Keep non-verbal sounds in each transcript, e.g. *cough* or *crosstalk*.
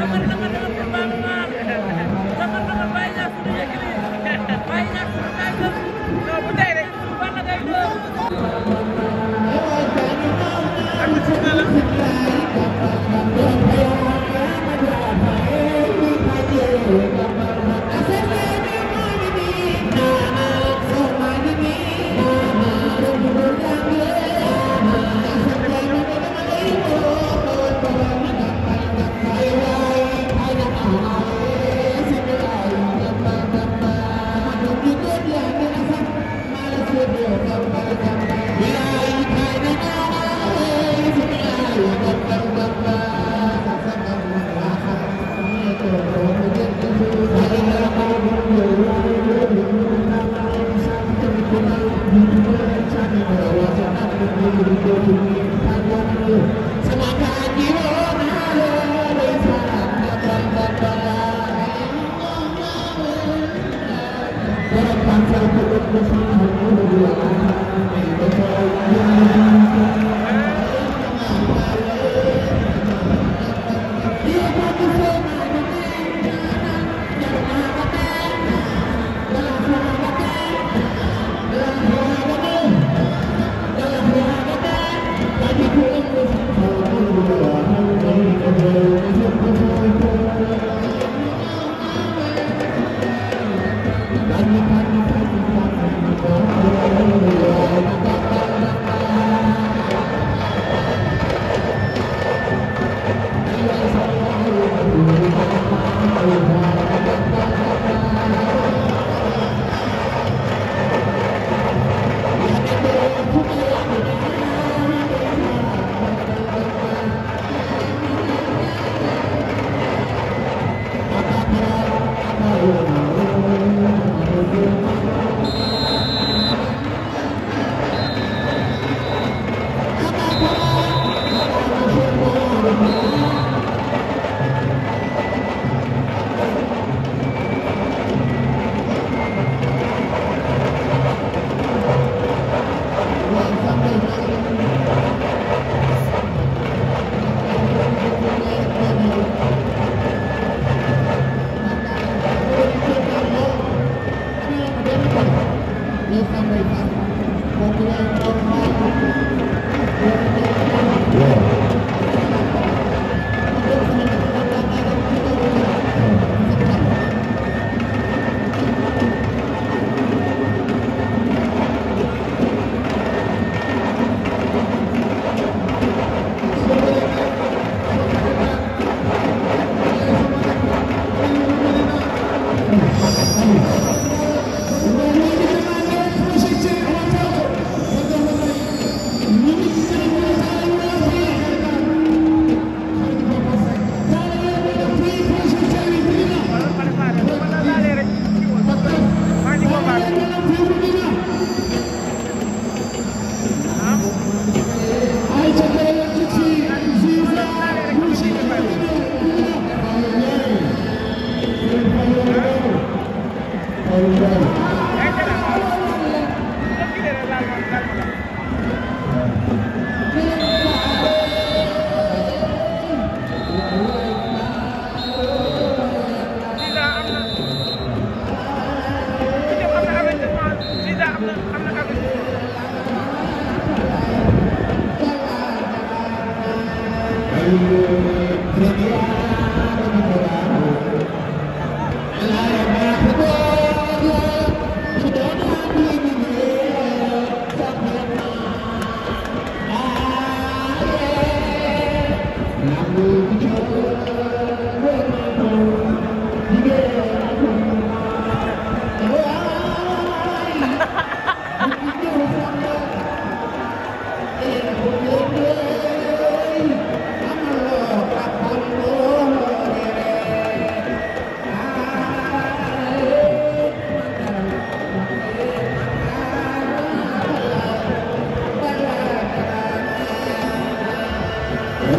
Damar damar damar damar damar damar damar Amen.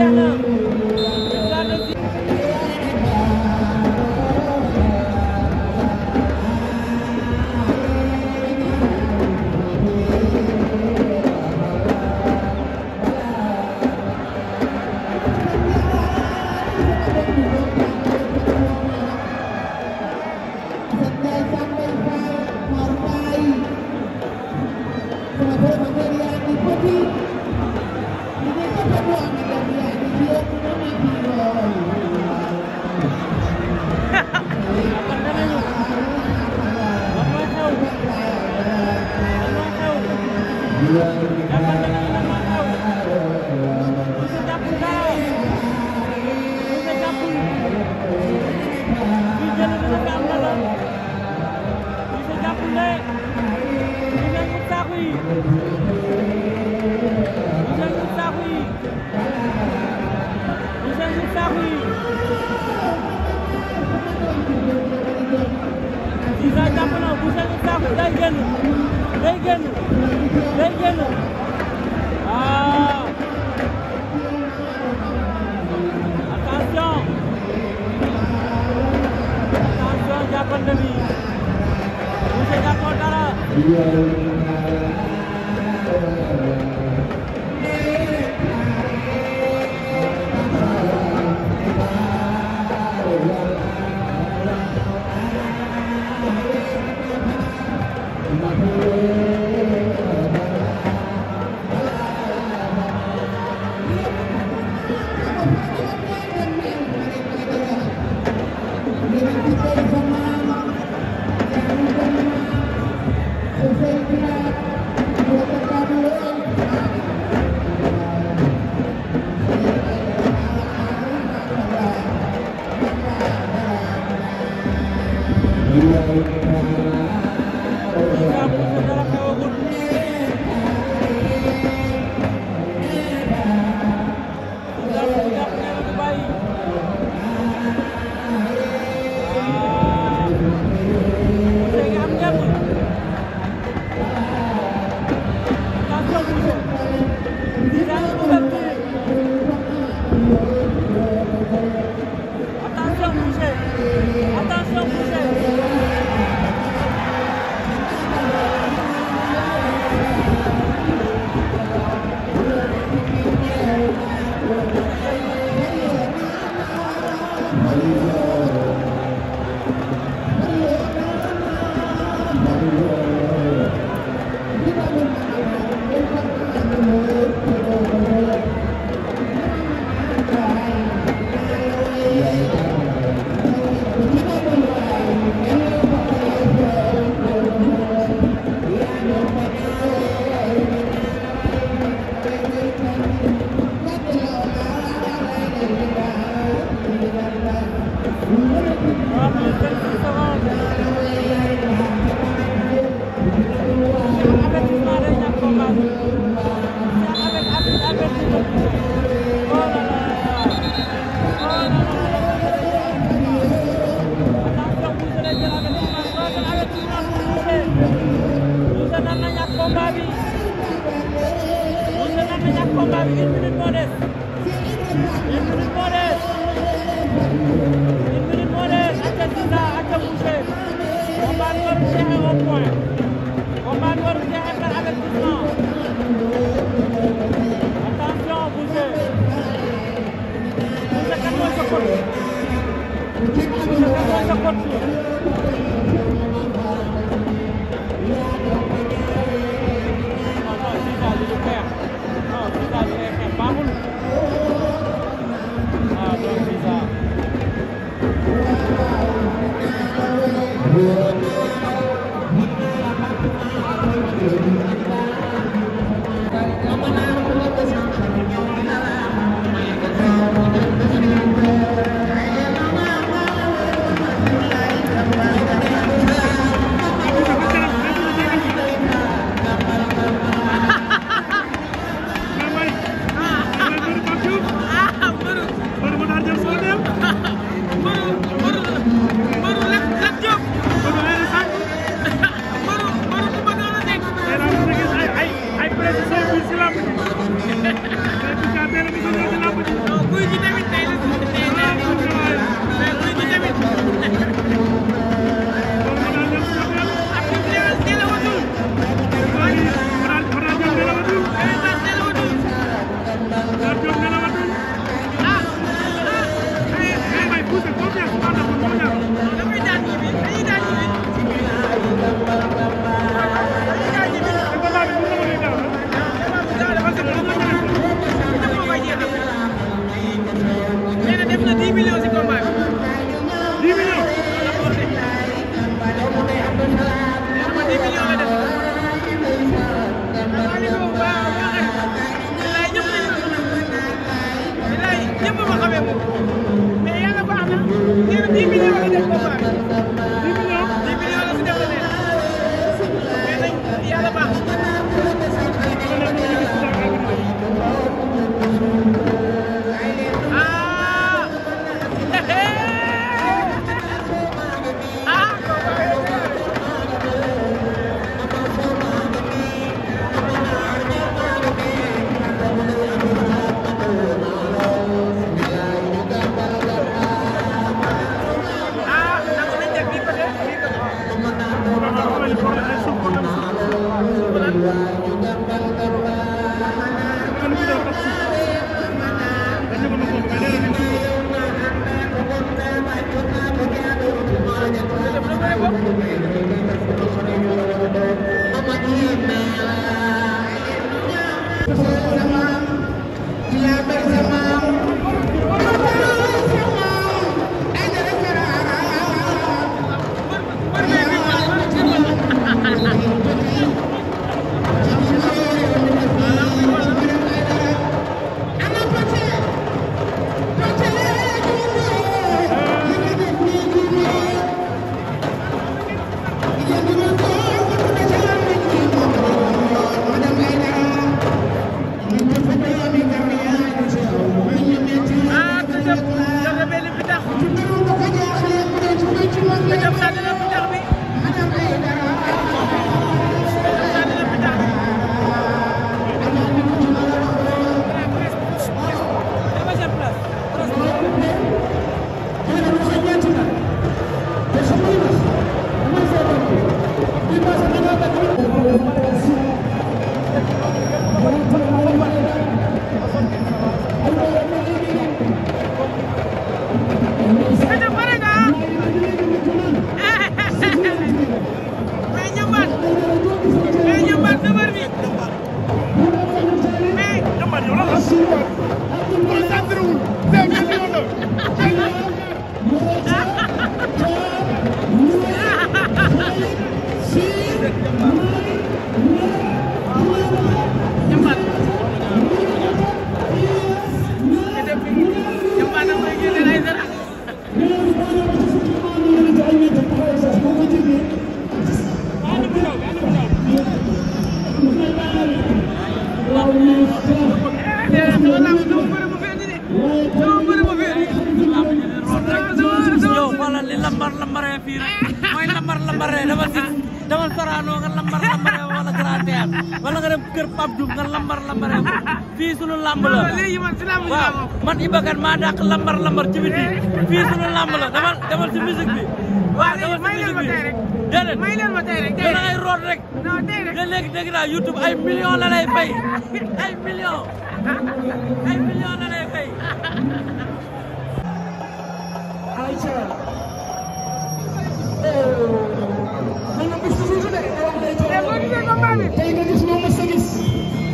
真的。Isa jàpp na Boucher bu saaku day génn day génn day génn waaw attention attention jàppante bi Boucher jàppoon dara Une minute modeste. Une minute modeste. Thank you. lambar lambaree fii rek mooy lambar lambaree dama si dama soraanoo nga lambar lambaree wala Grand Théâtre wala nga dem kër Pape Diouf nga lambar lambaree fii sunu lamb la waaw man Iba Kane maa dàq lambar lambar ci biti fii sunu lamb la dama demal si musique bi waaw demal si musique bi déedéet may leen ma tey rek déedéet da ngay root rek da léegi dégg naa YouTube ay millions la lay fay ay millions ay millions la lay fay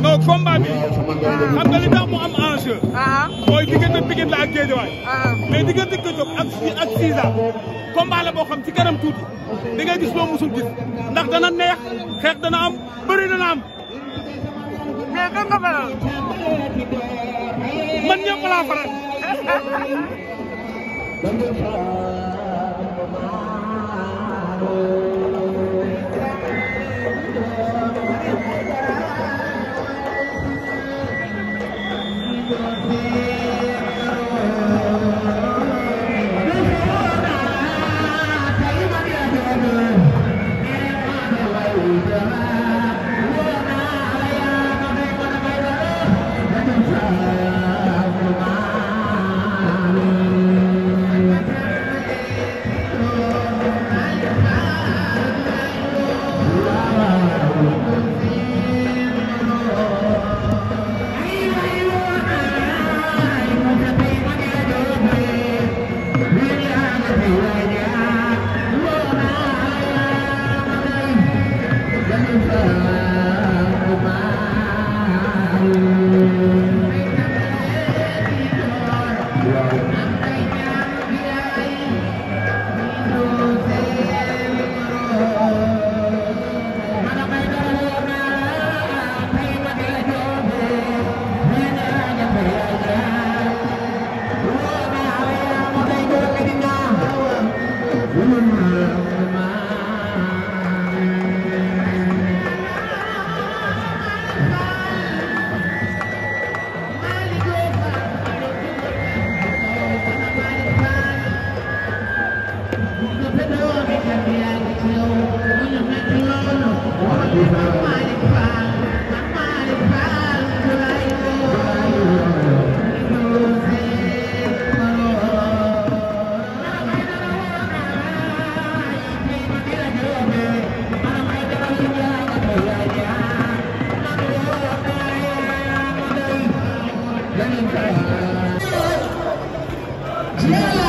non combat bi xam nga li tax mu am enjeu. mooy diggante Pikine la ak Guédiawaye. mais diggante Guédiawaye ak ak Ziza combat la boo xam ci kanam tuuti da ngay gis loo musul gis ndax dana neex xeex dana am bëri dana am. mais kan nga faral. man ñëpp laa faral. *laughs* Thank you. Yeah.